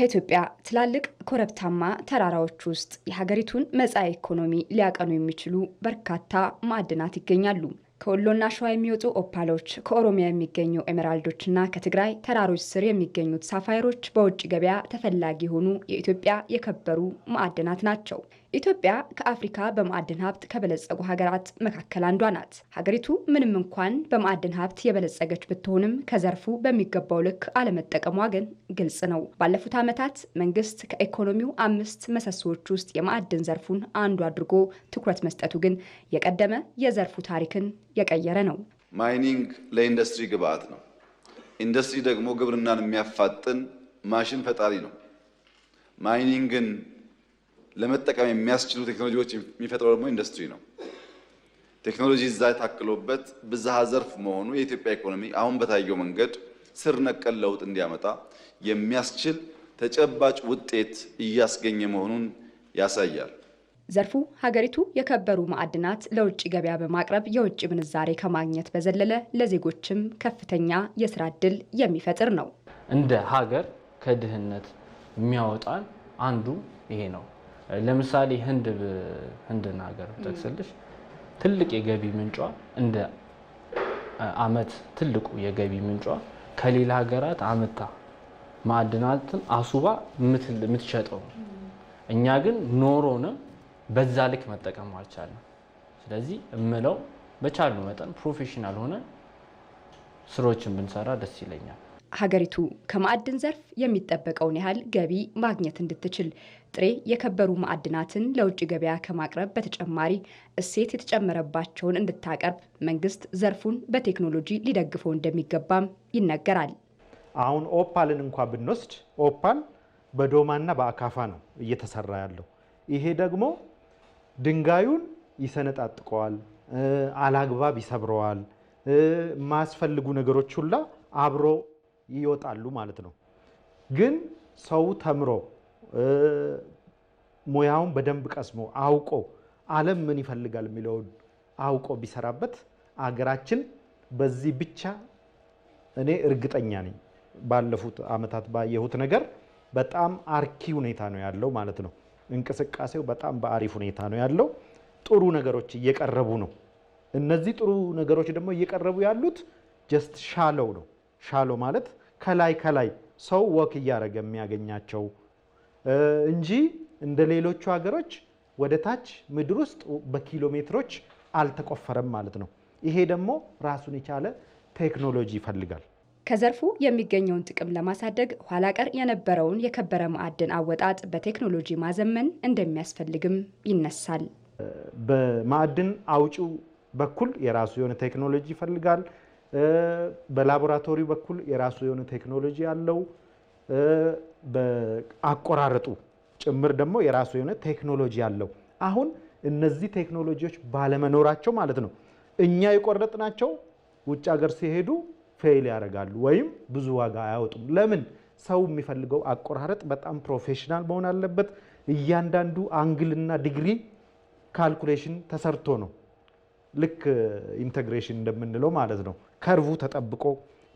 ከኢትዮጵያ ትላልቅ ኮረብታማ ተራራዎች ውስጥ የሀገሪቱን መጻኢ ኢኮኖሚ ሊያቀኑ የሚችሉ በርካታ ማዕድናት ይገኛሉ። ከወሎና ሸዋ የሚወጡ ኦፓሎች፣ ከኦሮሚያ የሚገኙ ኤሜራልዶችና ከትግራይ ተራሮች ስር የሚገኙት ሳፋይሮች በውጭ ገበያ ተፈላጊ የሆኑ የኢትዮጵያ የከበሩ ማዕድናት ናቸው። ኢትዮጵያ ከአፍሪካ በማዕድን ሀብት ከበለጸጉ ሀገራት መካከል አንዷ ናት። ሀገሪቱ ምንም እንኳን በማዕድን ሀብት የበለጸገች ብትሆንም ከዘርፉ በሚገባው ልክ አለመጠቀሟ ግን ግልጽ ነው። ባለፉት ዓመታት መንግስት ከኢኮኖሚው አምስት ምሰሶዎች ውስጥ የማዕድን ዘርፉን አንዱ አድርጎ ትኩረት መስጠቱ ግን የቀደመ የዘርፉ ታሪክን የቀየረ ነው። ማይኒንግ ለኢንዱስትሪ ግብአት ነው። ኢንዱስትሪ ደግሞ ግብርናን የሚያፋጥን ማሽን ፈጣሪ ነው። ማይኒንግን ለመጠቀም የሚያስችሉ ቴክኖሎጂዎች የሚፈጥረው ደግሞ ኢንዱስትሪ ነው። ቴክኖሎጂ እዛ የታክሎበት ብዝሃ ዘርፍ መሆኑ የኢትዮጵያ ኢኮኖሚ አሁን በታየው መንገድ ስር ነቀል ለውጥ እንዲያመጣ የሚያስችል ተጨባጭ ውጤት እያስገኘ መሆኑን ያሳያል። ዘርፉ ሀገሪቱ የከበሩ ማዕድናት ለውጭ ገበያ በማቅረብ የውጭ ምንዛሬ ከማግኘት በዘለለ ለዜጎችም ከፍተኛ የስራ እድል የሚፈጥር ነው። እንደ ሀገር ከድህነት የሚያወጣን አንዱ ይሄ ነው። ለምሳሌ ህንድ ህንድን ሀገር ጠቅስልሽ ትልቅ የገቢ ምንጯ እንደ አመት ትልቁ የገቢ ምንጯ ከሌላ ሀገራት አመታ ማዕድናትን አሱባ የምትሸጠው እኛ ግን ኖሮንም በዛ ልክ መጠቀም አልቻለም። ስለዚህ እምለው በቻሉ መጠን ፕሮፌሽናል ሆነ ስራዎችን ብንሰራ ደስ ይለኛል። ሀገሪቱ ከማዕድን ዘርፍ የሚጠበቀውን ያህል ገቢ ማግኘት እንድትችል ጥሬ የከበሩ ማዕድናትን ለውጭ ገበያ ከማቅረብ በተጨማሪ እሴት የተጨመረባቸውን እንድታቀርብ መንግስት ዘርፉን በቴክኖሎጂ ሊደግፈው እንደሚገባም ይነገራል። አሁን ኦፓልን እንኳ ብንወስድ ኦፓል በዶማና በአካፋ ነው እየተሰራ ያለው። ይሄ ደግሞ ድንጋዩን ይሰነጣጥቀዋል፣ አላግባብ ይሰብረዋል። የማያስፈልጉ ነገሮች ሁላ አብሮ ይወጣሉ ማለት ነው። ግን ሰው ተምሮ ሙያውን በደንብ ቀስሞ አውቆ ዓለም ምን ይፈልጋል የሚለውን አውቆ ቢሰራበት አገራችን በዚህ ብቻ እኔ እርግጠኛ ነኝ። ባለፉት ዓመታት ባየሁት ነገር በጣም አርኪ ሁኔታ ነው ያለው ማለት ነው። እንቅስቃሴው በጣም በአሪፍ ሁኔታ ነው ያለው። ጥሩ ነገሮች እየቀረቡ ነው። እነዚህ ጥሩ ነገሮች ደግሞ እየቀረቡ ያሉት ጀስት ሻለው ነው። ሻሎ ማለት ከላይ ከላይ ሰው ወክ እያደረገ የሚያገኛቸው እንጂ እንደ ሌሎቹ ሀገሮች ወደ ታች ምድር ውስጥ በኪሎ ሜትሮች አልተቆፈረም ማለት ነው። ይሄ ደግሞ ራሱን የቻለ ቴክኖሎጂ ይፈልጋል። ከዘርፉ የሚገኘውን ጥቅም ለማሳደግ ኋላ ቀር የነበረውን የከበረ ማዕድን አወጣጥ በቴክኖሎጂ ማዘመን እንደሚያስፈልግም ይነሳል። በማዕድን አውጪው በኩል የራሱ የሆነ ቴክኖሎጂ ይፈልጋል። በላቦራቶሪ በኩል የራሱ የሆነ ቴክኖሎጂ አለው በአቆራረጡ ጭምር ደግሞ የራሱ የሆነ ቴክኖሎጂ አለው። አሁን እነዚህ ቴክኖሎጂዎች ባለመኖራቸው ማለት ነው እኛ የቆረጥናቸው ውጭ ሀገር ሲሄዱ ፌይል ያደርጋሉ ወይም ብዙ ዋጋ አያወጡም። ለምን? ሰው የሚፈልገው አቆራረጥ በጣም ፕሮፌሽናል መሆን አለበት። እያንዳንዱ አንግልና ዲግሪ ካልኩሌሽን ተሰርቶ ነው ልክ ኢንተግሬሽን እንደምንለው ማለት ነው። ከርቡ ተጠብቆ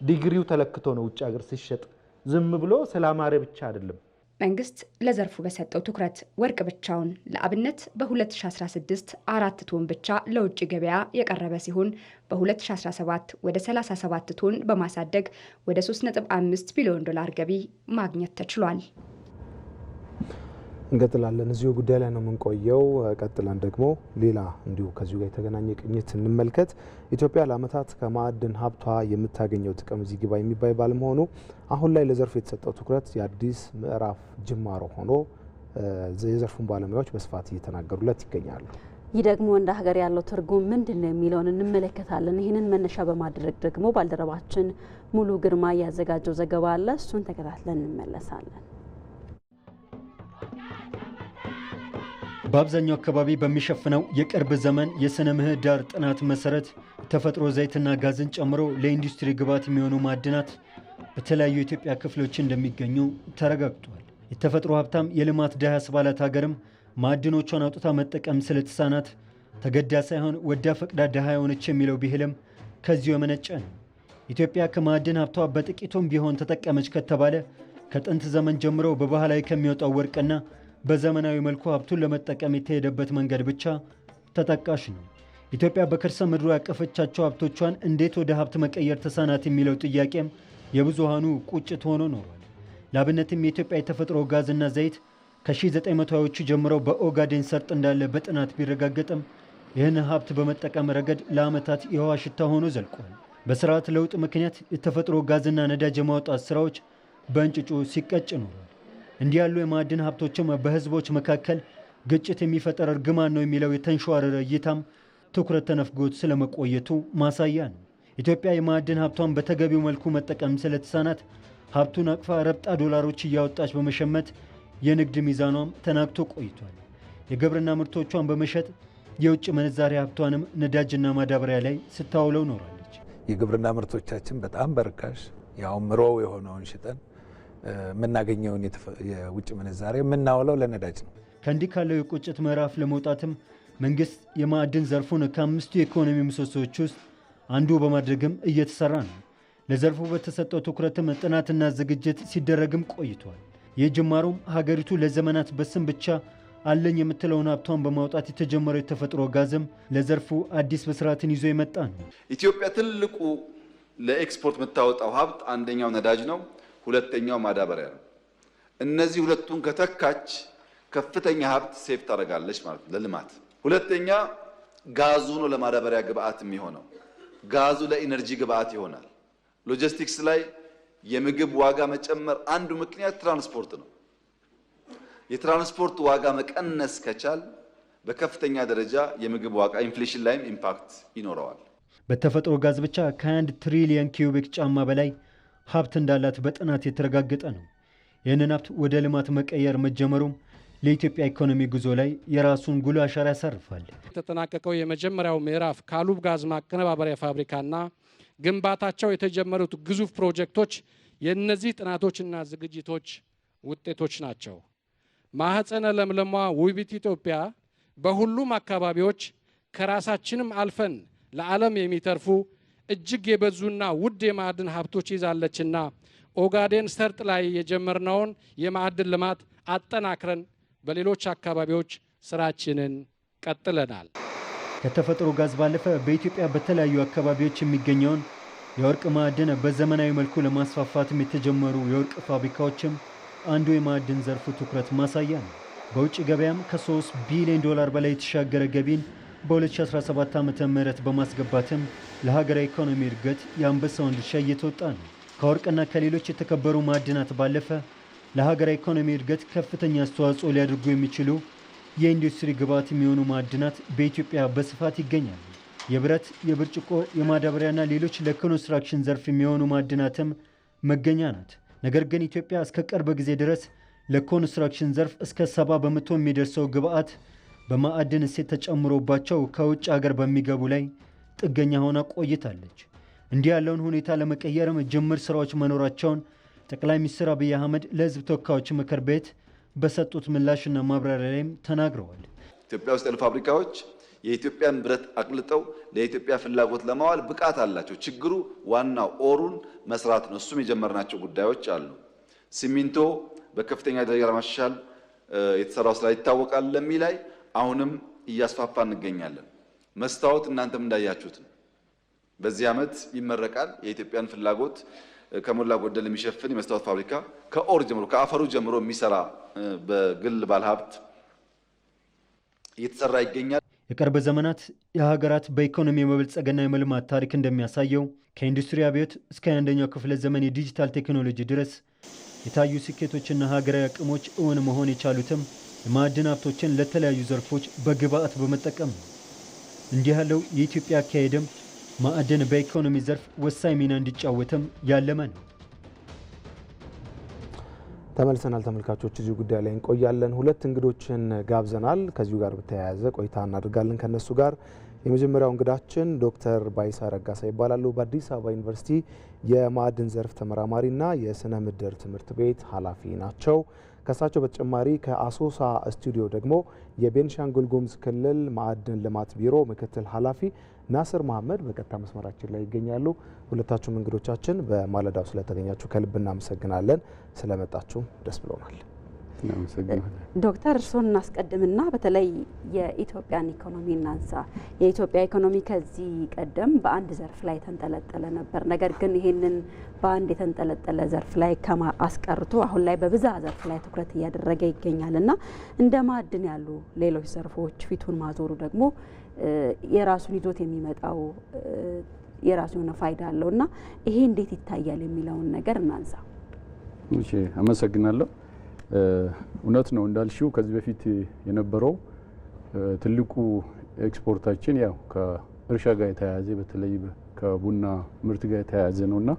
ዲግሪው ተለክቶ ነው ውጭ ሀገር ሲሸጥ። ዝም ብሎ ስላማረ ብቻ አይደለም። መንግስት ለዘርፉ በሰጠው ትኩረት ወርቅ ብቻውን ለአብነት በ2016 አራት ቶን ብቻ ለውጭ ገበያ የቀረበ ሲሆን በ2017 ወደ 37 ቶን በማሳደግ ወደ 3.5 ቢሊዮን ዶላር ገቢ ማግኘት ተችሏል። እንቀጥላለን። እዚሁ ጉዳይ ላይ ነው የምንቆየው። ቀጥለን ደግሞ ሌላ እንዲሁ ከዚሁ ጋር የተገናኘ ቅኝት እንመልከት። ኢትዮጵያ ለዓመታት ከማዕድን ሀብቷ የምታገኘው ጥቅም እዚህ ግባ የሚባል ባለመሆኑ አሁን ላይ ለዘርፍ የተሰጠው ትኩረት የአዲስ ምዕራፍ ጅማሮ ሆኖ የዘርፉን ባለሙያዎች በስፋት እየተናገሩለት ይገኛሉ። ይህ ደግሞ እንደ ሀገር ያለው ትርጉም ምንድን ነው የሚለውን እንመለከታለን። ይህንን መነሻ በማድረግ ደግሞ ባልደረባችን ሙሉ ግርማ እያዘጋጀው ዘገባ አለ። እሱን ተከታትለን እንመለሳለን። በአብዛኛው አካባቢ በሚሸፍነው የቅርብ ዘመን የሥነ ምህዳር ጥናት መሠረት ተፈጥሮ ዘይትና ጋዝን ጨምሮ ለኢንዱስትሪ ግብዓት የሚሆኑ ማዕድናት በተለያዩ የኢትዮጵያ ክፍሎች እንደሚገኙ ተረጋግጧል። የተፈጥሮ ሀብታም የልማት ድሃ ስባላት ሀገርም ማዕድኖቿን አውጥታ መጠቀም ስለተሳናት ተገዳ ሳይሆን ወዳ ፈቅዳ ድሃ የሆነች የሚለው ብሂልም ከዚሁ የመነጨ ነው። ኢትዮጵያ ከማዕድን ሀብቷ በጥቂቱም ቢሆን ተጠቀመች ከተባለ ከጥንት ዘመን ጀምሮ በባህላዊ ከሚወጣው ወርቅና በዘመናዊ መልኩ ሀብቱን ለመጠቀም የተሄደበት መንገድ ብቻ ተጠቃሽ ነው። ኢትዮጵያ በከርሰ ምድሩ ያቀፈቻቸው ሀብቶቿን እንዴት ወደ ሀብት መቀየር ተሳናት የሚለው ጥያቄም የብዙሃኑ ቁጭት ሆኖ ኖሯል። ለአብነትም የኢትዮጵያ የተፈጥሮ ጋዝና ዘይት ከ1920ዎቹ ጀምረው በኦጋዴን ሰርጥ እንዳለ በጥናት ቢረጋገጥም ይህን ሀብት በመጠቀም ረገድ ለዓመታት የውሃ ሽታ ሆኖ ዘልቋል። በስርዓት ለውጥ ምክንያት የተፈጥሮ ጋዝና ነዳጅ የማውጣት ስራዎች በእንጭጩ ሲቀጭ ነው። እንዲህ ያሉ የማዕድን ሀብቶችም በህዝቦች መካከል ግጭት የሚፈጠር እርግማን ነው የሚለው የተንሸዋረረ እይታም ትኩረት ተነፍጎት ስለመቆየቱ ማሳያ ነው። ኢትዮጵያ የማዕድን ሀብቷን በተገቢው መልኩ መጠቀም ስለተሳናት ሀብቱን አቅፋ ረብጣ ዶላሮች እያወጣች በመሸመት የንግድ ሚዛኗም ተናግቶ ቆይቷል። የግብርና ምርቶቿን በመሸጥ የውጭ ምንዛሪ ሀብቷንም ነዳጅና ማዳበሪያ ላይ ስታውለው ኖራለች። የግብርና ምርቶቻችን በጣም በርካሽ ያው ምሮው የሆነውን ሽጠን የምናገኘውን የውጭ ምንዛሬ የምናውለው ለነዳጅ ነው። ከእንዲህ ካለው የቁጭት ምዕራፍ ለመውጣትም መንግስት የማዕድን ዘርፉን ከአምስቱ የኢኮኖሚ ምሰሶዎች ውስጥ አንዱ በማድረግም እየተሰራ ነው። ለዘርፉ በተሰጠው ትኩረትም ጥናትና ዝግጅት ሲደረግም ቆይቷል። ይህ ጅማሮም ሀገሪቱ ለዘመናት በስም ብቻ አለኝ የምትለውን ሀብቷን በማውጣት የተጀመረው የተፈጥሮ ጋዝም ለዘርፉ አዲስ ብስራትን ይዞ የመጣ ነው። ኢትዮጵያ ትልቁ ለኤክስፖርት የምታወጣው ሀብት አንደኛው ነዳጅ ነው። ሁለተኛው ማዳበሪያ ነው። እነዚህ ሁለቱን ከተካች ከፍተኛ ሀብት ሴፍ ታደርጋለች ማለት ነው ለልማት። ሁለተኛ ጋዙ ነው ለማዳበሪያ ግብአት የሚሆነው። ጋዙ ለኢነርጂ ግብአት ይሆናል። ሎጂስቲክስ ላይ የምግብ ዋጋ መጨመር አንዱ ምክንያት ትራንስፖርት ነው። የትራንስፖርት ዋጋ መቀነስ ከቻል በከፍተኛ ደረጃ የምግብ ዋጋ ኢንፍሌሽን ላይም ኢምፓክት ይኖረዋል። በተፈጥሮ ጋዝ ብቻ ከአንድ ትሪሊየን ኪዩቢክ ጫማ በላይ ሀብት እንዳላት በጥናት የተረጋገጠ ነው። ይህንን ሀብት ወደ ልማት መቀየር መጀመሩም ለኢትዮጵያ ኢኮኖሚ ጉዞ ላይ የራሱን ጉልህ አሻራ ያሳርፋል። የተጠናቀቀው የመጀመሪያው ምዕራፍ ከአሉብ ጋዝ ማቀነባበሪያ ፋብሪካና ግንባታቸው የተጀመሩት ግዙፍ ፕሮጀክቶች የእነዚህ ጥናቶችና ዝግጅቶች ውጤቶች ናቸው። ማህፀነ ለምለሟ ውቢት ኢትዮጵያ በሁሉም አካባቢዎች ከራሳችንም አልፈን ለዓለም የሚተርፉ እጅግ የበዙና ውድ የማዕድን ሀብቶች ይዛለችና ኦጋዴን ሰርጥ ላይ የጀመርነውን የማዕድን ልማት አጠናክረን በሌሎች አካባቢዎች ስራችንን ቀጥለናል። ከተፈጥሮ ጋዝ ባለፈ በኢትዮጵያ በተለያዩ አካባቢዎች የሚገኘውን የወርቅ ማዕድን በዘመናዊ መልኩ ለማስፋፋትም የተጀመሩ የወርቅ ፋብሪካዎችም አንዱ የማዕድን ዘርፉ ትኩረት ማሳያ ነው። በውጭ ገበያም ከ3 ቢሊዮን ዶላር በላይ የተሻገረ ገቢን በ2017 ዓ ም በማስገባትም ለሀገራዊ ኢኮኖሚ እድገት የአንበሳውን ድርሻ እየተወጣ ነው። ከወርቅና ከሌሎች የተከበሩ ማዕድናት ባለፈ ለሀገራዊ ኢኮኖሚ እድገት ከፍተኛ አስተዋጽኦ ሊያደርጉ የሚችሉ የኢንዱስትሪ ግብዓት የሚሆኑ ማዕድናት በኢትዮጵያ በስፋት ይገኛሉ። የብረት፣ የብርጭቆ፣ የማዳበሪያና ሌሎች ለኮንስትራክሽን ዘርፍ የሚሆኑ ማዕድናትም መገኛ ናት። ነገር ግን ኢትዮጵያ እስከ ቅርብ ጊዜ ድረስ ለኮንስትራክሽን ዘርፍ እስከ ሰባ በመቶ የሚደርሰው ግብዓት በማዕድን እሴት ተጨምሮባቸው ከውጭ ሀገር በሚገቡ ላይ ጥገኛ ሆና ቆይታለች። እንዲህ ያለውን ሁኔታ ለመቀየርም ጅምር ስራዎች መኖራቸውን ጠቅላይ ሚኒስትር አብይ አህመድ ለህዝብ ተወካዮች ምክር ቤት በሰጡት ምላሽና ማብራሪያ ላይም ተናግረዋል። ኢትዮጵያ ውስጥ ያሉ ፋብሪካዎች የኢትዮጵያን ብረት አቅልጠው ለኢትዮጵያ ፍላጎት ለማዋል ብቃት አላቸው። ችግሩ ዋናው ኦሩን መስራት ነው። እሱም የጀመርናቸው ጉዳዮች አሉ። ሲሚንቶ በከፍተኛ ደረጃ ለማሻሻል የተሰራው ስራ ይታወቃል። ለሚ ላይ አሁንም እያስፋፋ እንገኛለን። መስታወት እናንተም እንዳያችሁት ነው። በዚህ ዓመት ይመረቃል። የኢትዮጵያን ፍላጎት ከሞላ ጎደል የሚሸፍን የመስታወት ፋብሪካ ከኦር ጀምሮ ከአፈሩ ጀምሮ የሚሰራ በግል ባለሀብት እየተሰራ ይገኛል። የቅርብ ዘመናት የሀገራት በኢኮኖሚ የመበልጸግና የመልማት ታሪክ እንደሚያሳየው ከኢንዱስትሪ አብዮት እስከ አንደኛው ክፍለ ዘመን የዲጂታል ቴክኖሎጂ ድረስ የታዩ ስኬቶችና ሀገራዊ አቅሞች እውን መሆን የቻሉትም የማዕድን ሀብቶችን ለተለያዩ ዘርፎች በግብአት በመጠቀም ነው። እንዲህ ያለው የኢትዮጵያ አካሄድም ማዕድን በኢኮኖሚ ዘርፍ ወሳኝ ሚና እንዲጫወትም ያለመ ነው። ተመልሰናል ተመልካቾች፣ እዚሁ ጉዳይ ላይ እንቆያለን። ሁለት እንግዶችን ጋብዘናል። ከዚሁ ጋር በተያያዘ ቆይታ እናደርጋለን ከእነሱ ጋር የመጀመሪያው እንግዳችን ዶክተር ባይሳ ረጋሳ ይባላሉ። በአዲስ አበባ ዩኒቨርሲቲ የማዕድን ዘርፍ ተመራማሪና የስነ ምድር ትምህርት ቤት ኃላፊ ናቸው። ከእሳቸው በተጨማሪ ከአሶሳ ስቱዲዮ ደግሞ የቤንሻንጉል ጉሙዝ ክልል ማዕድን ልማት ቢሮ ምክትል ኃላፊ ናስር መሐመድ በቀጥታ መስመራችን ላይ ይገኛሉ። ሁለታችሁም እንግዶቻችን በማለዳው ስለተገኛችሁ ከልብ እናመሰግናለን። ስለመጣችሁ ደስ ብሎናል። ዶክተር እርስዎን እናስቀድምና በተለይ የኢትዮጵያን ኢኮኖሚ እናንሳ። የኢትዮጵያ ኢኮኖሚ ከዚህ ቀደም በአንድ ዘርፍ ላይ የተንጠለጠለ ነበር። ነገር ግን ይህንን በአንድ የተንጠለጠለ ዘርፍ ላይ ከማ አስቀርቶ አሁን ላይ በብዛ ዘርፍ ላይ ትኩረት እያደረገ ይገኛል እና እንደ ማዕድን ያሉ ሌሎች ዘርፎች ፊቱን ማዞሩ ደግሞ የራሱን ይዞት የሚመጣው የራሱ የሆነ ፋይዳ አለው እና ይሄ እንዴት ይታያል የሚለውን ነገር እናንሳ። አመሰግናለሁ። እውነት ነው እንዳልሽው ከዚህ በፊት የነበረው ትልቁ ኤክስፖርታችን ያው ከእርሻ ጋር የተያያዘ በተለይ ከቡና ምርት ጋር የተያያዘ ነው እና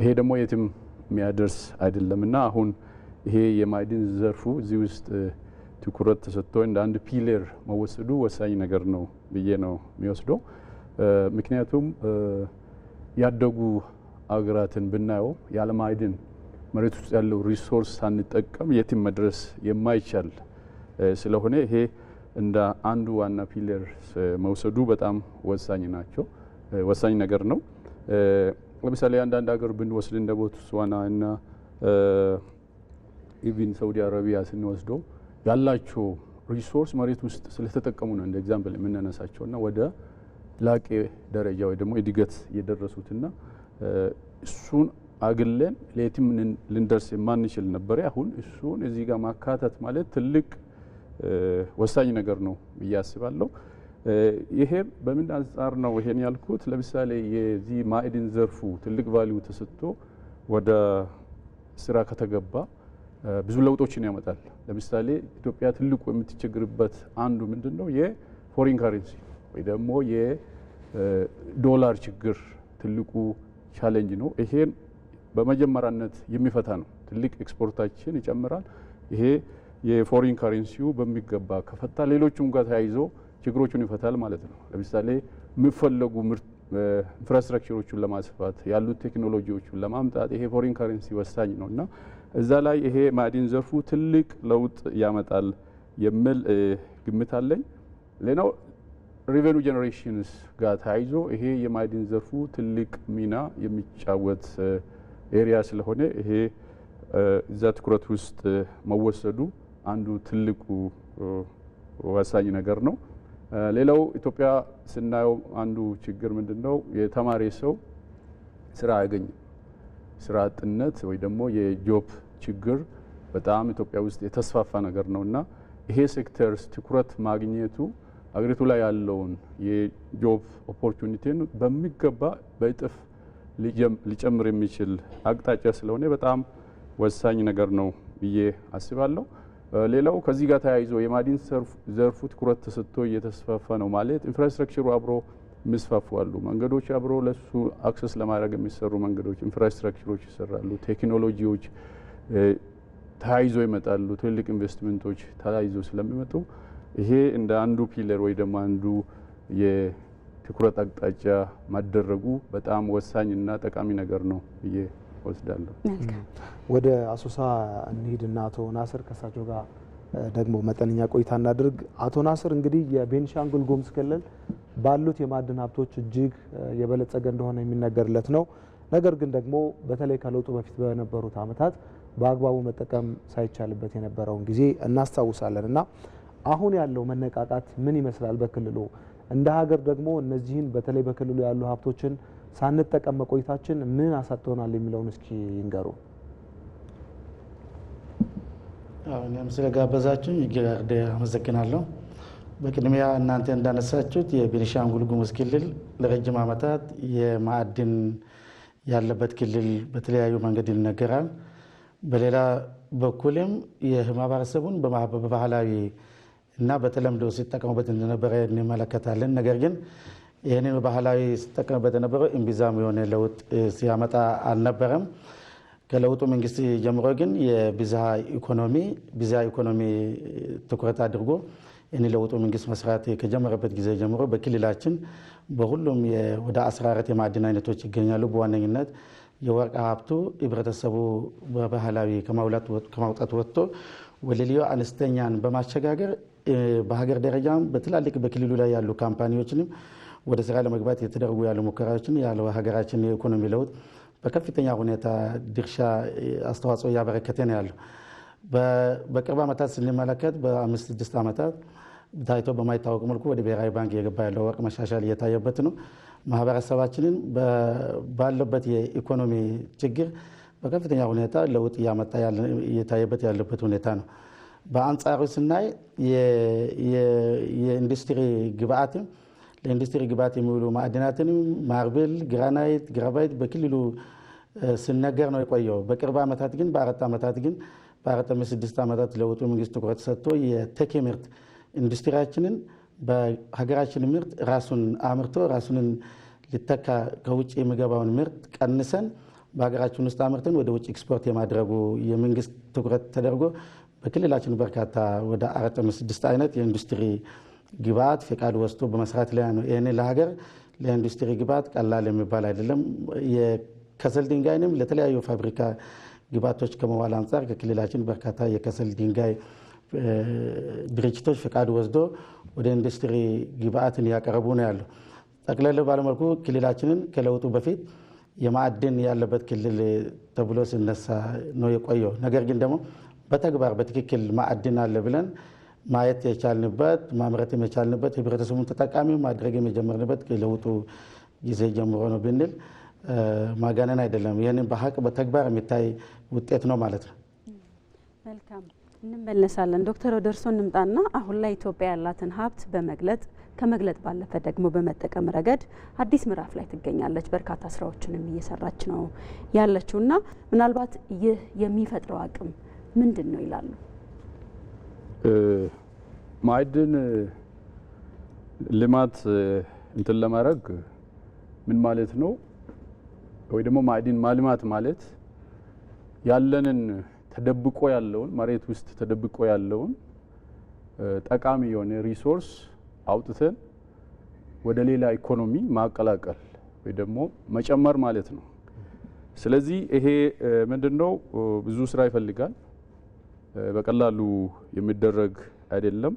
ይሄ ደግሞ የትም የሚያደርስ አይደለም እና አሁን ይሄ የማዕድን ዘርፉ እዚህ ውስጥ ትኩረት ተሰጥቶ እንደ አንድ ፒሌር መወሰዱ ወሳኝ ነገር ነው ብዬ ነው የሚወስደው። ምክንያቱም ያደጉ አገራትን ብናየው ያለ ማዕድን መሬት ውስጥ ያለው ሪሶርስ ሳንጠቀም የትም መድረስ የማይቻል ስለሆነ ይሄ እንደ አንዱ ዋና ፒለር መውሰዱ በጣም ወሳኝ ናቸው ወሳኝ ነገር ነው። ለምሳሌ አንዳንድ ሀገር ብንወስድ እንደ ቦትስዋና እና ኢቪን ሳውዲ አረቢያ ስንወስደው ያላቸው ሪሶርስ መሬት ውስጥ ስለተጠቀሙ ነው እንደ ኤግዛምፕል እና ወደ ላቄ ደረጃ ወይ ደግሞ እድገት የደረሱትና እሱን አግለን ለየትም ልንደርስ የማንችል ነበር። አሁን እሱን እዚህ ጋር ማካተት ማለት ትልቅ ወሳኝ ነገር ነው ብዬ አስባለሁ። ይሄ በምን አንጻር ነው ይሄን ያልኩት? ለምሳሌ የዚህ ማዕድን ዘርፉ ትልቅ ቫሊዩ ተሰጥቶ ወደ ስራ ከተገባ ብዙ ለውጦችን ያመጣል። ለምሳሌ ኢትዮጵያ ትልቁ የምትቸግርበት አንዱ ምንድን ነው? የፎሪን ካረንሲ ወይ ደግሞ የዶላር ችግር ትልቁ ቻሌንጅ ነው። ይሄን በመጀመሪያነት የሚፈታ ነው። ትልቅ ኤክስፖርታችን ይጨምራል። ይሄ የፎሪን ካረንሲው በሚገባ ከፈታ ሌሎቹም ጋር ተያይዞ ችግሮቹን ይፈታል ማለት ነው። ለምሳሌ የሚፈለጉ ኢንፍራስትራክቸሮቹን ለማስፋት ያሉት ቴክኖሎጂዎቹን ለማምጣት ይሄ ፎሪን ካረንሲ ወሳኝ ነው እና እዛ ላይ ይሄ ማዕድን ዘርፉ ትልቅ ለውጥ ያመጣል የሚል ግምት አለኝ። ሌላው ሪቨኑ ጀኔሬሽንስ ጋር ተያይዞ ይሄ የማዕድን ዘርፉ ትልቅ ሚና የሚጫወት ኤሪያ ስለሆነ ይሄ እዛ ትኩረት ውስጥ መወሰዱ አንዱ ትልቁ ወሳኝ ነገር ነው። ሌላው ኢትዮጵያ ስናየው አንዱ ችግር ምንድን ነው? የተማሪ ሰው ስራ አያገኝም። ስራ አጥነት ወይ ደግሞ የጆብ ችግር በጣም ኢትዮጵያ ውስጥ የተስፋፋ ነገር ነው እና ይሄ ሴክተር ትኩረት ማግኘቱ አገሪቱ ላይ ያለውን የጆብ ኦፖርቹኒቲን በሚገባ በእጥፍ ሊጨምር የሚችል አቅጣጫ ስለሆነ በጣም ወሳኝ ነገር ነው ብዬ አስባለሁ። ሌላው ከዚህ ጋር ተያይዞ የማዕድን ዘርፉ ትኩረት ተሰጥቶ እየተስፋፋ ነው ማለት ኢንፍራስትራክቸሩ አብሮ የሚስፋፉ አሉ። መንገዶች አብሮ ለሱ አክሰስ ለማድረግ የሚሰሩ መንገዶች፣ ኢንፍራስትራክቸሮች ይሰራሉ። ቴክኖሎጂዎች ተያይዞ ይመጣሉ። ትልልቅ ኢንቨስትመንቶች ተያይዞ ስለሚመጡ ይሄ እንደ አንዱ ፒለር ወይ ደግሞ አንዱ ትኩረት አቅጣጫ ማደረጉ በጣም ወሳኝና ጠቃሚ ነገር ነው ብዬ ወስዳለሁ። ወደ አሶሳ እንሂድና አቶ ናስር ከሳቸው ጋር ደግሞ መጠነኛ ቆይታ እናድርግ። አቶ ናስር እንግዲህ የቤንሻንጉል ጉሙዝ ክልል ባሉት የማዕድን ሀብቶች እጅግ የበለጸገ እንደሆነ የሚነገርለት ነው። ነገር ግን ደግሞ በተለይ ከለውጡ በፊት በነበሩት ዓመታት በአግባቡ መጠቀም ሳይቻልበት የነበረውን ጊዜ እናስታውሳለን እና አሁን ያለው መነቃቃት ምን ይመስላል በክልሉ እንደ ሀገር ደግሞ እነዚህን በተለይ በክልሉ ያሉ ሀብቶችን ሳንጠቀም መቆየታችን ምን አሳጥቶናል የሚለውን እስኪ ይንገሩ። እኔም ስለጋበዛችሁኝ ጊራርዴ አመሰግናለሁ። በቅድሚያ እናንተ እንዳነሳችሁት የቤኒሻንጉል ጉሙዝ ክልል ለረጅም ዓመታት የማዕድን ያለበት ክልል በተለያዩ መንገድ ይነገራል። በሌላ በኩልም የማህበረሰቡን በባህላዊ እና በተለምዶ ሲጠቀሙበት እንደነበረ እንመለከታለን። ነገር ግን ይህንን ባህላዊ ሲጠቀምበት የነበረው እምቢዛም የሆነ ለውጥ ሲያመጣ አልነበረም። ከለውጡ መንግስት ጀምሮ ግን የብዝሃ ኢኮኖሚ ብዝሃ ኢኮኖሚ ትኩረት አድርጎ እኔ ለውጡ መንግስት መስራት ከጀመረበት ጊዜ ጀምሮ በክልላችን በሁሉም ወደ 14 የማዕድን አይነቶች ይገኛሉ። በዋነኝነት የወርቅ ሀብቱ ህብረተሰቡ በባህላዊ ከማውጣት ወጥቶ ወደ ልዩ አነስተኛን በማሸጋገር በሀገር ደረጃም በትላልቅ በክልሉ ላይ ያሉ ካምፓኒዎችንም ወደ ስራ ለመግባት የተደረጉ ያሉ ሙከራዎችን ያለ ሀገራችን የኢኮኖሚ ለውጥ በከፍተኛ ሁኔታ ድርሻ አስተዋጽኦ እያበረከተ ነው ያለው። በቅርብ ዓመታት ስንመለከት በአምስት ስድስት ዓመታት ታይቶ በማይታወቅ መልኩ ወደ ብሔራዊ ባንክ እየገባ ያለው ወርቅ መሻሻል እየታየበት ነው። ማህበረሰባችንን ባለበት የኢኮኖሚ ችግር በከፍተኛ ሁኔታ ለውጥ እያመጣ እየታየበት ያለበት ሁኔታ ነው። በአንጻሩ ስናይ የኢንዱስትሪ ግብአትም ለኢንዱስትሪ ግብአት የሚውሉ ማዕድናትንም ማርብል፣ ግራናይት፣ ግራቫይት በክልሉ ስነገር ነው የቆየው። በቅርብ ዓመታት ግን በአራት ዓመታት ግን በአራት ስድስት ዓመታት ለውጡ መንግስት ትኩረት ሰጥቶ የቴክ ምርት ኢንዱስትሪያችንን በሀገራችን ምርት ራሱን አምርቶ ራሱንን ሊተካ ከውጭ የሚገባውን ምርት ቀንሰን በሀገራችን ውስጥ አምርተን ወደ ውጭ ኤክስፖርት የማድረጉ የመንግስት ትኩረት ተደርጎ በክልላችን በርካታ ወደ አራት ስድስት አይነት የኢንዱስትሪ ግብዓት ፈቃድ ወስዶ በመስራት ላይ ነው። ይህን ለሀገር ለኢንዱስትሪ ግብዓት ቀላል የሚባል አይደለም። የከሰል ድንጋይንም ለተለያዩ ፋብሪካ ግብዓቶች ከመዋል አንጻር ከክልላችን በርካታ የከሰል ድንጋይ ድርጅቶች ፈቃድ ወስዶ ወደ ኢንዱስትሪ ግብዓትን ያቀረቡ ነው ያለው። ጠቅለል ባለመልኩ ክልላችንን ከለውጡ በፊት የማዕድን ያለበት ክልል ተብሎ ሲነሳ ነው የቆየው። ነገር ግን ደግሞ በተግባር በትክክል ማዕድን አለ ብለን ማየት የቻልንበት ማምረት የቻልንበት ህብረተሰቡን ተጠቃሚ ማድረግ የመጀመርንበት ለውጡ ጊዜ ጀምሮ ነው ብንል ማጋነን አይደለም። ይህንን በሀቅ በተግባር የሚታይ ውጤት ነው ማለት ነው። መልካም እንመለሳለን። ዶክተር ወደ እርስዎ እንምጣና አሁን ላይ ኢትዮጵያ ያላትን ሀብት በመግለጥ ከመግለጥ ባለፈ ደግሞ በመጠቀም ረገድ አዲስ ምዕራፍ ላይ ትገኛለች። በርካታ ስራዎችንም እየሰራች ነው ያለችው እና ምናልባት ይህ የሚፈጥረው አቅም ምንድን ነው ይላሉ? ማዕድን ልማት እንትን ለማድረግ ምን ማለት ነው ወይ ደግሞ ማዕድን ማልማት ማለት ያለንን ተደብቆ ያለውን መሬት ውስጥ ተደብቆ ያለውን ጠቃሚ የሆነ ሪሶርስ አውጥተን ወደ ሌላ ኢኮኖሚ ማቀላቀል ወይ ደግሞ መጨመር ማለት ነው። ስለዚህ ይሄ ምንድን ነው ብዙ ስራ ይፈልጋል። በቀላሉ የሚደረግ አይደለም።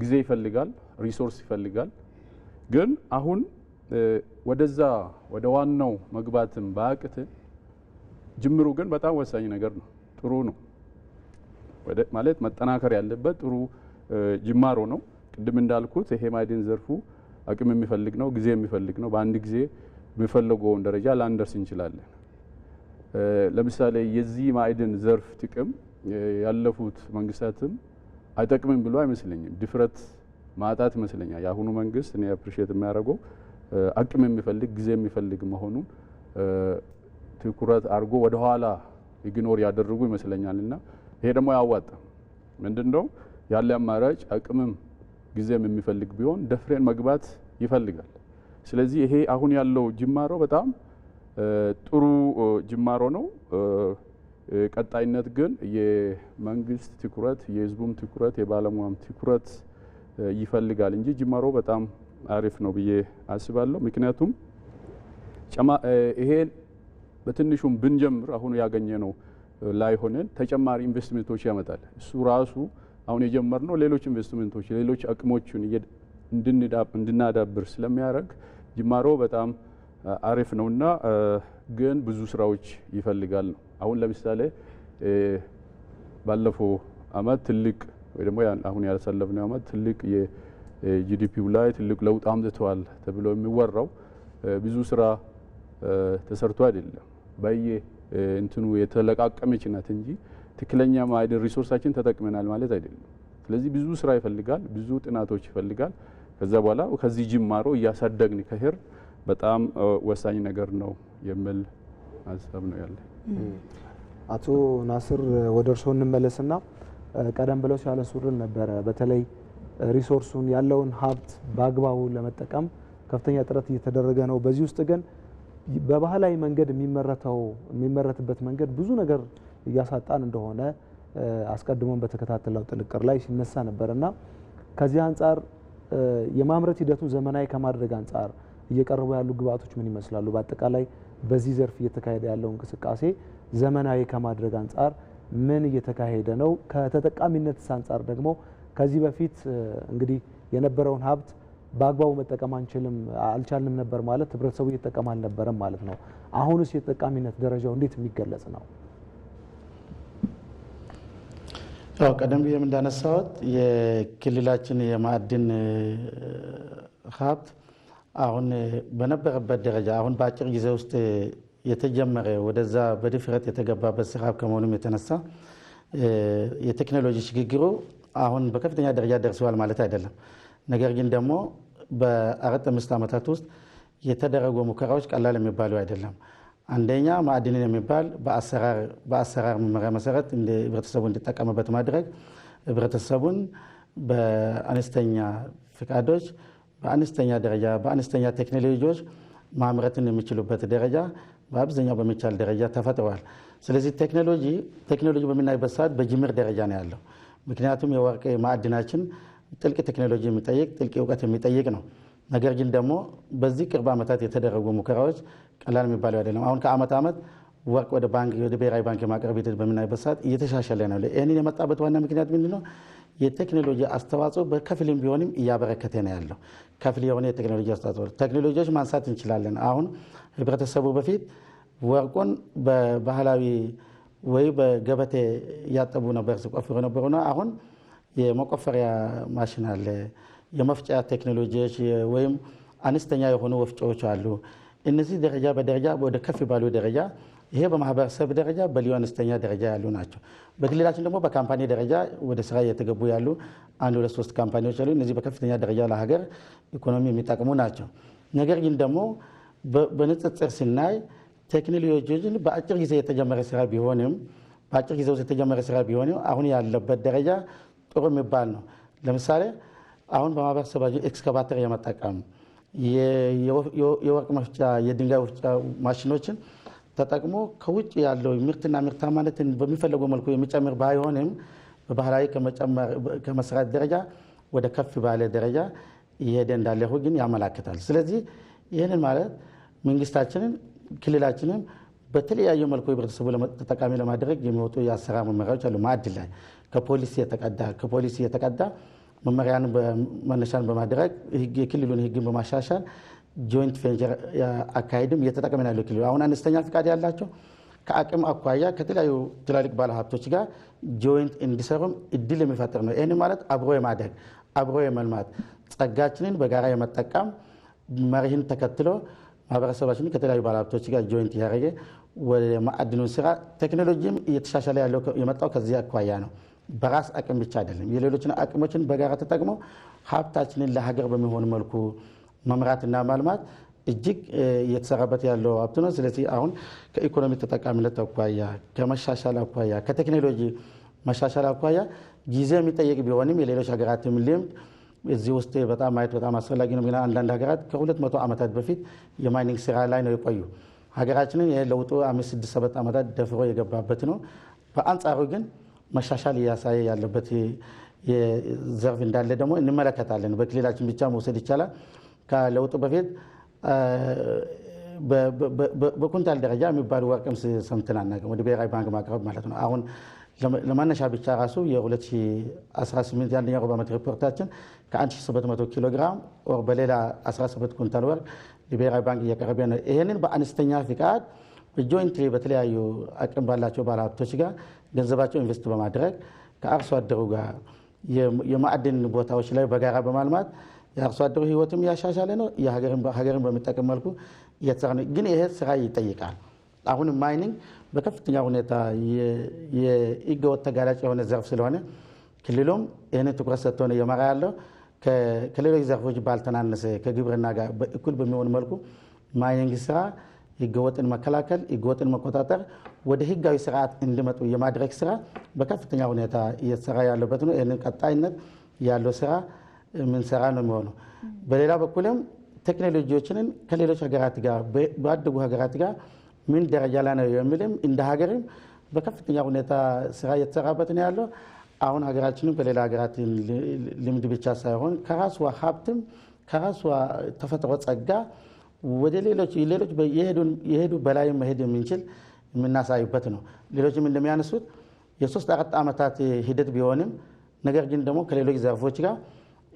ጊዜ ይፈልጋል፣ ሪሶርስ ይፈልጋል። ግን አሁን ወደዛ ወደ ዋናው መግባትን በአቅት ጅምሩ ግን በጣም ወሳኝ ነገር ነው። ጥሩ ነው ማለት መጠናከር ያለበት ጥሩ ጅማሮ ነው። ቅድም እንዳልኩት ይሄ ማዕድን ዘርፉ አቅም የሚፈልግ ነው፣ ጊዜ የሚፈልግ ነው። በአንድ ጊዜ የሚፈለገውን ደረጃ ላንደርስ እንችላለን። ለምሳሌ የዚህ ማዕድን ዘርፍ ጥቅም ያለፉት መንግስታትም አይጠቅምም ብሎ አይመስለኝም። ድፍረት ማጣት ይመስለኛል። የአሁኑ መንግስት እኔ አፕሪሽት የሚያደርገው አቅም የሚፈልግ ጊዜ የሚፈልግ መሆኑን ትኩረት አድርጎ ወደኋላ ኢግኖር ያደረጉ ይመስለኛል። እና ይሄ ደግሞ ያዋጣ ምንድን ነው ያለ አማራጭ አቅምም ጊዜም የሚፈልግ ቢሆን ደፍሬን መግባት ይፈልጋል። ስለዚህ ይሄ አሁን ያለው ጅማሮ በጣም ጥሩ ጅማሮ ነው። ቀጣይነት ግን የመንግስት ትኩረት፣ የህዝቡም ትኩረት፣ የባለሙያም ትኩረት ይፈልጋል እንጂ ጅማሮ በጣም አሪፍ ነው ብዬ አስባለሁ። ምክንያቱም ይሄ በትንሹም ብንጀምር አሁን ያገኘ ነው ላይ ሆነን ተጨማሪ ኢንቨስትመንቶች ያመጣል። እሱ ራሱ አሁን ነው ሌሎች ኢንቨስትመንቶች፣ ሌሎች አቅሞችን እንድናዳብር ስለሚያደርግ ጅማሮ በጣም አሪፍ ነውና ግን ብዙ ስራዎች ይፈልጋል ነው አሁን ለምሳሌ ባለፈው አመት ትልቅ ወይ ደግሞ አሁን ያሳለፍነው አመት ትልቅ የጂዲፒው ላይ ትልቅ ለውጥ አምጥተዋል ተብሎ የሚወራው ብዙ ስራ ተሰርቶ አይደለም። በየ እንትኑ የተለቃቀመች ናት እንጂ ትክክለኛ ማዕድን ሪሶርሳችን ተጠቅመናል ማለት አይደለም። ስለዚህ ብዙ ስራ ይፈልጋል፣ ብዙ ጥናቶች ይፈልጋል። ከዛ በኋላ ከዚህ ጅማሮ እያሳደግን ከሄር በጣም ወሳኝ ነገር ነው የሚል ሀሳብ ነው ያለ። አቶ ናስር ወደ እርስዎ እንመለስና ቀደም ብለው ሲያነሱልን ነበረ በተለይ ሪሶርሱን ያለውን ሀብት በአግባቡ ለመጠቀም ከፍተኛ ጥረት እየተደረገ ነው። በዚህ ውስጥ ግን በባህላዊ መንገድ የሚመረተው የሚመረትበት መንገድ ብዙ ነገር እያሳጣን እንደሆነ አስቀድሞን በተከታተለው ጥንቅር ላይ ሲነሳ እና ከዚህ አንጻር የማምረት ሂደቱን ዘመናዊ ከማድረግ አንጻር እየቀረቡ ያሉ ግብአቶች ምን ይመስላሉ? በአጠቃላይ በዚህ ዘርፍ እየተካሄደ ያለው እንቅስቃሴ ዘመናዊ ከማድረግ አንጻር ምን እየተካሄደ ነው? ከተጠቃሚነት አንጻር ደግሞ ከዚህ በፊት እንግዲህ የነበረውን ሀብት በአግባቡ መጠቀም አንችልም አልቻልንም ነበር ማለት ህብረተሰቡ እየተጠቀም አልነበረም ማለት ነው። አሁንስ የተጠቃሚነት ደረጃው እንዴት የሚገለጽ ነው? ያው ቀደም ብዬም እንዳነሳሁት የክልላችን የማዕድን ሀብት አሁን በነበረበት ደረጃ አሁን በአጭር ጊዜ ውስጥ የተጀመረ ወደዛ በድፍረት የተገባበት ስራ ከመሆኑም የተነሳ የቴክኖሎጂ ሽግግሩ አሁን በከፍተኛ ደረጃ ደርሰዋል ማለት አይደለም። ነገር ግን ደግሞ በአራት አምስት ዓመታት ውስጥ የተደረጉ ሙከራዎች ቀላል የሚባሉ አይደለም። አንደኛ ማዕድንን የሚባል በአሰራር መመሪያ መሰረት ህብረተሰቡ እንዲጠቀምበት ማድረግ ህብረተሰቡን በአነስተኛ ፍቃዶች በአነስተኛ ደረጃ በአነስተኛ ቴክኖሎጂዎች ማምረትን የሚችሉበት ደረጃ በአብዛኛው በሚቻል ደረጃ ተፈጥሯል። ስለዚህ ቴክኖሎጂ ቴክኖሎጂ በምናይበት ሰዓት በጅምር ደረጃ ነው ያለው። ምክንያቱም የወርቅ ማዕድናችን ጥልቅ ቴክኖሎጂ የሚጠይቅ ጥልቅ እውቀት የሚጠይቅ ነው። ነገር ግን ደግሞ በዚህ ቅርብ ዓመታት የተደረጉ ሙከራዎች ቀላል የሚባለው አይደለም። አሁን ከዓመት ዓመት ወርቅ ወደ ባንክ ወደ ብሔራዊ ባንክ የማቅረብ ሂደት በምናይበት ሰዓት እየተሻሻለ ነው። ይህንን የመጣበት ዋና ምክንያት ምንድን ነው? የቴክኖሎጂ አስተዋጽኦ በከፊልም ቢሆንም እያበረከተ ነው ያለው። ከፍል የሆነ የቴክኖሎጂ አስተዋጽኦ ቴክኖሎጂዎች ማንሳት እንችላለን። አሁን ህብረተሰቡ በፊት ወርቁን በባህላዊ ወይ በገበቴ እያጠቡ ነበር ሲቆፍሩ ነበሩ አሁን የመቆፈሪያ ማሽን አለ፣ የመፍጫ ቴክኖሎጂዎች ወይም አነስተኛ የሆኑ ወፍጮዎች አሉ። እነዚህ ደረጃ በደረጃ ወደ ከፍ ባሉ ደረጃ ይሄ በማህበረሰብ ደረጃ በልዩ አነስተኛ ደረጃ ያሉ ናቸው። በክልላችን ደግሞ በካምፓኒ ደረጃ ወደ ስራ እየተገቡ ያሉ አንድ ሁለት ሶስት ካምፓኒዎች አሉ። እነዚህ በከፍተኛ ደረጃ ለሀገር ኢኮኖሚ የሚጠቅሙ ናቸው። ነገር ግን ደግሞ በንጽጽር ስናይ ቴክኖሎጂዎችን በአጭር ጊዜ የተጀመረ ስራ ቢሆንም በአጭር ጊዜ ውስጥ የተጀመረ ስራ ቢሆንም አሁን ያለበት ደረጃ ጥሩ የሚባል ነው። ለምሳሌ አሁን በማህበረሰባ ኤክስካቫተር የመጠቀም የወርቅ መፍጫ፣ የድንጋይ መፍጫ ማሽኖችን ተጠቅሞ ከውጭ ያለው ምርትና ምርታማነትን በሚፈለገው መልኩ የሚጨምር ባይሆንም በባህላዊ ከመስራት ደረጃ ወደ ከፍ ባለ ደረጃ እየሄደ እንዳለ ግን ያመላክታል። ስለዚህ ይህንን ማለት መንግስታችንን፣ ክልላችንን በተለያዩ መልኩ ህብረተሰቡ ተጠቃሚ ለማድረግ የሚወጡ የአሰራር መመሪያዎች አሉ። ማዕድን ላይ ከፖሊስ የተቀዳ ከፖሊሲ የተቀዳ መመሪያን መነሻን በማድረግ የክልሉን ህግን በማሻሻል ጆይንት ቬንቸር አካሄድም እየተጠቀመ ያለው ክልሉ አሁን አነስተኛ ፍቃድ ያላቸው ከአቅም አኳያ ከተለያዩ ትላልቅ ባለሀብቶች ጋር ጆይንት እንዲሰሩም እድል የሚፈጥር ነው። ይህን ማለት አብሮ የማደግ አብሮ የመልማት ጸጋችንን በጋራ የመጠቀም መርህን ተከትሎ ማህበረሰባችን ከተለያዩ ባለሀብቶች ጋር ጆይንት እያደረገ ወደ ማዕድኑ ስራ ቴክኖሎጂም እየተሻሻለ ያለው የመጣው ከዚህ አኳያ ነው። በራስ አቅም ብቻ አይደለም። የሌሎችን አቅሞችን በጋራ ተጠቅሞ ሀብታችንን ለሀገር በሚሆን መልኩ መምራትና ማልማት እጅግ እየተሰራበት ያለው ሀብት ነው። ስለዚህ አሁን ከኢኮኖሚ ተጠቃሚነት አኳያ፣ ከመሻሻል አኳያ፣ ከቴክኖሎጂ መሻሻል አኳያ ጊዜ የሚጠየቅ ቢሆንም የሌሎች ሀገራትም ልምድ እዚህ ውስጥ በጣም ማየት በጣም አስፈላጊ ነው። አንዳንድ ሀገራት ከሁለት መቶ ዓመታት በፊት የማይኒንግ ስራ ላይ ነው የቆዩ። ሀገራችንን ይህ ለውጡ አምስት ስድስት ሰባት ዓመታት ደፍሮ የገባበት ነው። በአንጻሩ ግን መሻሻል እያሳየ ያለበት ዘርፍ እንዳለ ደግሞ እንመለከታለን። በክልላችን ብቻ መውሰድ ይቻላል። ከለውጡ በፊት በኩንታል ደረጃ የሚባሉ ወርቅም ሰምተን አናውቅም። ወደ ብሔራዊ ባንክ ማቅረብ ማለት ነው። አሁን ለማነሻ ብቻ ራሱ የ2018 የአንደኛ ሩብ ዓመት ሪፖርታችን ከ1700 ኪሎ ግራም ወር በሌላ 17 ኩንታል ወርቅ ለብሔራዊ ባንክ እያቀረበ ነው። ይህንን በአነስተኛ ፍቃድ በጆይንትሪ በተለያዩ አቅም ባላቸው ባለሀብቶች ጋር ገንዘባቸው ኢንቨስት በማድረግ ከአርሶ አደሩ ጋር የማዕድን ቦታዎች ላይ በጋራ በማልማት የአርሶ አደሩ ህይወትም እያሻሻለ ነው። ሀገርን በሚጠቅም መልኩ እየተሰራ ነው። ግን ይሄ ስራ ይጠይቃል። አሁን ማይኒንግ በከፍተኛ ሁኔታ የህገወጥ ተጋላጭ የሆነ ዘርፍ ስለሆነ ክልሉም ይህን ትኩረት ሰጥቶ ነው እየመራ ያለው። ከሌሎች ዘርፎች ባልተናነሰ ከግብርና ጋር በእኩል በሚሆን መልኩ ማይኒንግ ስራ ህገወጥን መከላከል፣ ህገወጥን መቆጣጠር ወደ ህጋዊ ስርዓት እንዲመጡ የማድረግ ስራ በከፍተኛ ሁኔታ እየተሰራ ያለበት ነው። ይህንን ቀጣይነት ያለው ስራ ምንሰራ ነው የሚሆነው። በሌላ በኩልም ቴክኖሎጂዎችንን ከሌሎች ሀገራት ጋር ባደጉ ሀገራት ጋር ምን ደረጃ ላይ ነው የሚልም እንደ ሀገርም በከፍተኛ ሁኔታ ስራ እየተሰራበት ነው ያለው። አሁን ሀገራችንም ከሌላ ሀገራት ልምድ ብቻ ሳይሆን ከራሷ ሀብትም ከራሷ ተፈጥሮ ጸጋ ወደ ሌሎች ሌሎች የሄዱ በላይ መሄድ የምንችል የምናሳዩበት ነው። ሌሎችም እንደሚያነሱት የሶስት አራት ዓመታት ሂደት ቢሆንም ነገር ግን ደግሞ ከሌሎች ዘርፎች ጋር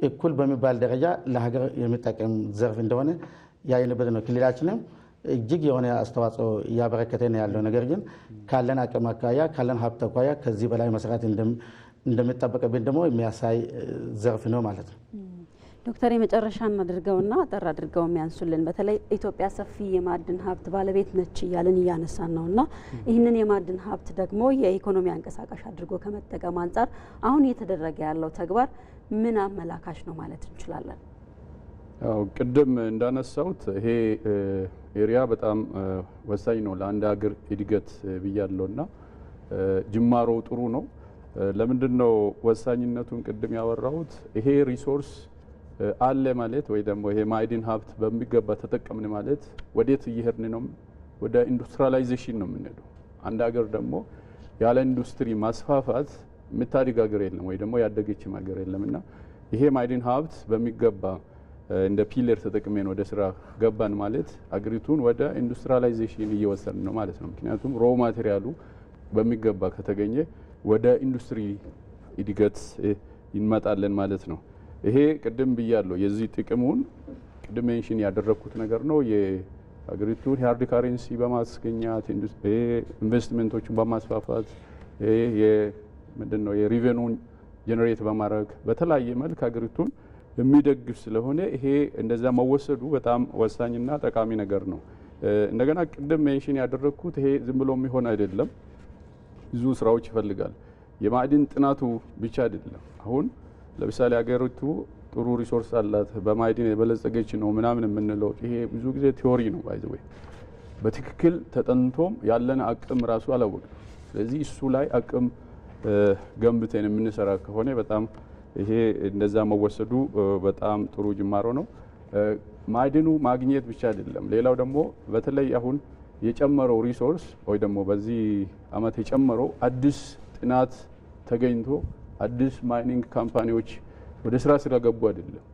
እኩል በሚባል ደረጃ ለሀገር የሚጠቅም ዘርፍ እንደሆነ ያየንበት ነው። ክልላችንም እጅግ የሆነ አስተዋጽኦ እያበረከተ ነው ያለው። ነገር ግን ካለን አቅም አኳያ ካለን ሀብት አኳያ ከዚህ በላይ መስራት እንደሚጠበቅብን ደግሞ የሚያሳይ ዘርፍ ነው ማለት ነው። ዶክተር የመጨረሻ እናድርገውና አጠር አድርገው የሚያንሱልን በተለይ ኢትዮጵያ ሰፊ የማዕድን ሀብት ባለቤት ነች እያልን እያነሳን ነውና ይህንን የማዕድን ሀብት ደግሞ የኢኮኖሚ አንቀሳቃሽ አድርጎ ከመጠቀም አንጻር አሁን እየተደረገ ያለው ተግባር ምን አመላካች ነው ማለት እንችላለን? ያው ቅድም እንዳነሳሁት ይሄ ኤሪያ በጣም ወሳኝ ነው ለአንድ ሀገር እድገት ብያለውና ጅማሮ ጥሩ ነው። ለምንድን ነው ወሳኝነቱን ቅድም ያወራሁት? ይሄ ሪሶርስ አለ ማለት ወይ ደግሞ ይሄ ማዕድን ሀብት በሚገባ ተጠቀምን ማለት ወዴት እየሄድን ነው? ወደ ኢንዱስትሪላይዜሽን ነው የምንሄደው። አንድ ሀገር ደግሞ ያለ ኢንዱስትሪ ማስፋፋት የምታድግ ሀገር የለም ወይ ደግሞ ያደገችም ሀገር የለም እና ይሄ ማዕድን ሀብት በሚገባ እንደ ፒለር ተጠቅሜን ወደ ስራ ገባን ማለት አገሪቱን ወደ ኢንዱስትሪላይዜሽን እየወሰድን ነው ማለት ነው። ምክንያቱም ሮ ማቴሪያሉ በሚገባ ከተገኘ ወደ ኢንዱስትሪ እድገት ይመጣለን ማለት ነው። ይሄ ቅድም ብያለሁ፣ የዚህ ጥቅሙን ቅድም ሜንሽን ያደረግኩት ነገር ነው። የሀገሪቱን ሃርድ ካሬንሲ በማስገኛት ኢንቨስትመንቶችን በማስፋፋት ምንድን ነው የሪቨኑን ጀነሬት በማድረግ በተለያየ መልክ ሀገሪቱን የሚደግፍ ስለሆነ ይሄ እንደዛ መወሰዱ በጣም ወሳኝና ጠቃሚ ነገር ነው። እንደገና ቅድም ሜንሽን ያደረግኩት ይሄ ዝም ብሎ የሚሆን አይደለም፣ ብዙ ስራዎች ይፈልጋል። የማዕድን ጥናቱ ብቻ አይደለም። አሁን ለምሳሌ ሀገሪቱ ጥሩ ሪሶርስ አላት፣ በማዕድን የበለጸገች ነው ምናምን የምንለው ይሄ ብዙ ጊዜ ቲዎሪ ነው። ባይዘወይ በትክክል ተጠንቶም ያለን አቅም ራሱ አላወቅም። ስለዚህ እሱ ላይ አቅም ገንብተን የምንሰራ ከሆነ በጣም ይሄ እንደዛ መወሰዱ በጣም ጥሩ ጅማሮ ነው። ማዕድኑ ማግኘት ብቻ አይደለም። ሌላው ደግሞ በተለይ አሁን የጨመረው ሪሶርስ ወይ ደግሞ በዚህ አመት የጨመረው አዲስ ጥናት ተገኝቶ አዲስ ማይኒንግ ካምፓኒዎች ወደ ስራ ስለገቡ አይደለም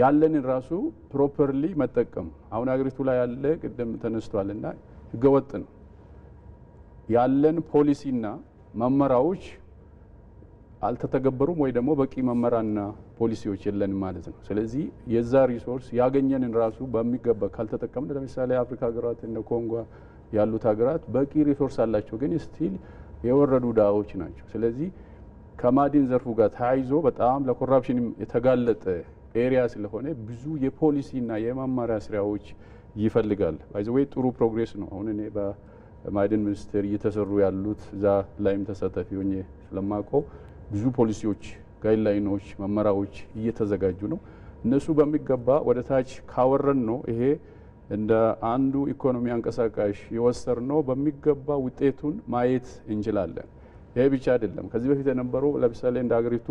ያለንን ራሱ ፕሮፐርሊ መጠቀም አሁን አገሪቱ ላይ ያለ ቅድም ተነስቷል እና ህገወጥ ነው ያለን ፖሊሲና መመራዎች አልተተገበሩም ወይ ደግሞ በቂ መመሪያና ፖሊሲዎች የለንም ማለት ነው። ስለዚህ የዛ ሪሶርስ ያገኘንን ራሱ በሚገባ ካልተጠቀምን ለምሳሌ የአፍሪካ ሀገራት እንደ ኮንጎ ያሉት ሀገራት በቂ ሪሶርስ አላቸው፣ ግን ስቲል የወረዱ ዳዎች ናቸው። ስለዚህ ከማዕድን ዘርፉ ጋር ተያይዞ በጣም ለኮራፕሽን የተጋለጠ ኤሪያ ስለሆነ ብዙ የፖሊሲና የመመሪያ ስራዎች ይፈልጋል። ባይዘወይ ጥሩ ፕሮግሬስ ነው። አሁን እኔ በማዕድን ሚኒስቴር እየተሰሩ ያሉት እዛ ላይም ተሳታፊ ሆኜ ስለማውቀው ብዙ ፖሊሲዎች፣ ጋይድላይኖች፣ መመሪያዎች እየተዘጋጁ ነው። እነሱ በሚገባ ወደ ታች ካወረን ነው ይሄ እንደ አንዱ ኢኮኖሚ አንቀሳቃሽ የወሰር ነው በሚገባ ውጤቱን ማየት እንችላለን። ይሄ ብቻ አይደለም። ከዚህ በፊት የነበረው ለምሳሌ እንደ ሀገሪቱ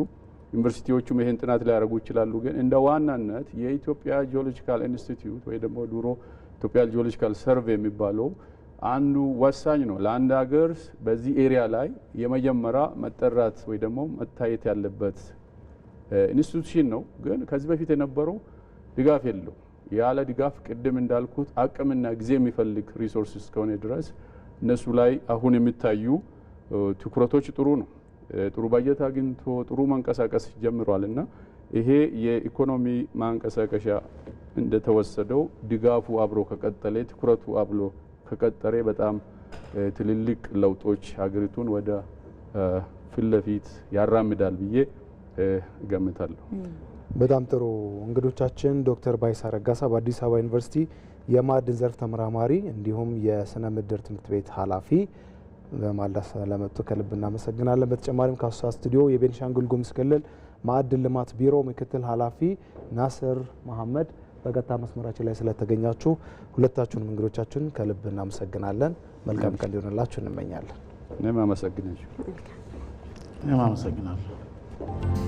ዩኒቨርሲቲዎቹም ይህን ጥናት ሊያደርጉ ይችላሉ። ግን እንደ ዋናነት የኢትዮጵያ ጂኦሎጂካል ኢንስቲትዩት ወይ ደግሞ ድሮ ኢትዮጵያ ጂኦሎጂካል ሰርቬ የሚባለው አንዱ ወሳኝ ነው። ለአንድ ሀገር በዚህ ኤሪያ ላይ የመጀመሪያ መጠራት ወይ ደግሞ መታየት ያለበት ኢንስቲቱሽን ነው። ግን ከዚህ በፊት የነበረው ድጋፍ የለው። ያለ ድጋፍ ቅድም እንዳልኩት አቅምና ጊዜ የሚፈልግ ሪሶርስ እስከሆነ ድረስ እነሱ ላይ አሁን የሚታዩ ትኩረቶች ጥሩ ነው። ጥሩ በጀት አግኝቶ ጥሩ መንቀሳቀስ ጀምሯል እና ይሄ የኢኮኖሚ ማንቀሳቀሻ እንደተወሰደው ድጋፉ አብሮ ከቀጠለ ትኩረቱ አብሎ ከቀጠሬ በጣም ትልልቅ ለውጦች ሀገሪቱን ወደ ፊት ለፊት ያራምዳል ብዬ እገምታለሁ። በጣም ጥሩ እንግዶቻችን ዶክተር ባይሳ ረጋሳ በአዲስ አበባ ዩኒቨርሲቲ የማዕድን ዘርፍ ተመራማሪ እንዲሁም የስነ ምድር ትምህርት ቤት ኃላፊ በማዳስ ለመጡ ከልብ እናመሰግናለን። በተጨማሪም ከአሶሳ ስቱዲዮ የቤኒሻንጉል ጉሙዝ ክልል ማዕድን ልማት ቢሮ ምክትል ኃላፊ ናስር መሐመድ በቀጥታ መስመራችን ላይ ስለተገኛችሁ ሁለታችሁንም እንግዶቻችንን ከልብ እናመሰግናለን። መልካም ቀን ሊሆንላችሁ እንመኛለን። እኔም አመሰግናለሁ። እኔም አመሰግናለሁ።